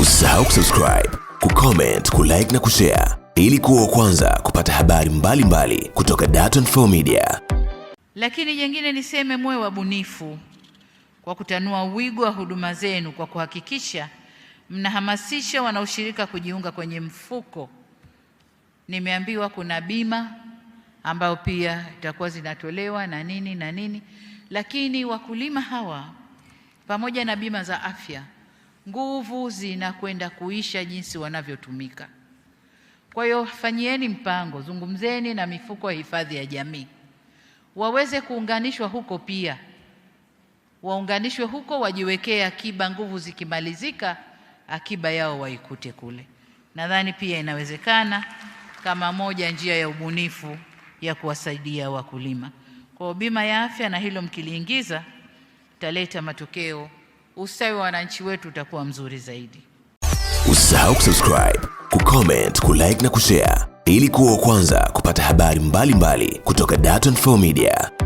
Usisahau kusubscribe, kucomment, kulike na kushare ili kuwa kwanza kupata habari mbalimbali mbali kutoka Dar24 Media. Lakini jengine niseme muwe wabunifu kwa kutanua wigo wa huduma zenu kwa kuhakikisha mnahamasisha wanaoshirika kujiunga kwenye mfuko. Nimeambiwa kuna bima ambayo pia itakuwa zinatolewa na nini na nini, lakini wakulima hawa pamoja na bima za afya nguvu zinakwenda kuisha jinsi wanavyotumika. Kwa hiyo fanyieni mpango, zungumzeni na mifuko ya hifadhi ya jamii waweze kuunganishwa huko pia, waunganishwe huko, wajiwekee akiba, nguvu zikimalizika, akiba yao waikute kule. Nadhani pia inawezekana kama moja njia ya ubunifu ya kuwasaidia wakulima. Kwa bima ya afya, na hilo mkiliingiza, taleta matokeo ustawi wa wananchi wetu utakuwa mzuri zaidi. Usisahau kusubscribe, kucomment, kulike na kushare ili kuwa wa kwanza kupata habari mbalimbali mbali kutoka Dar24 Media.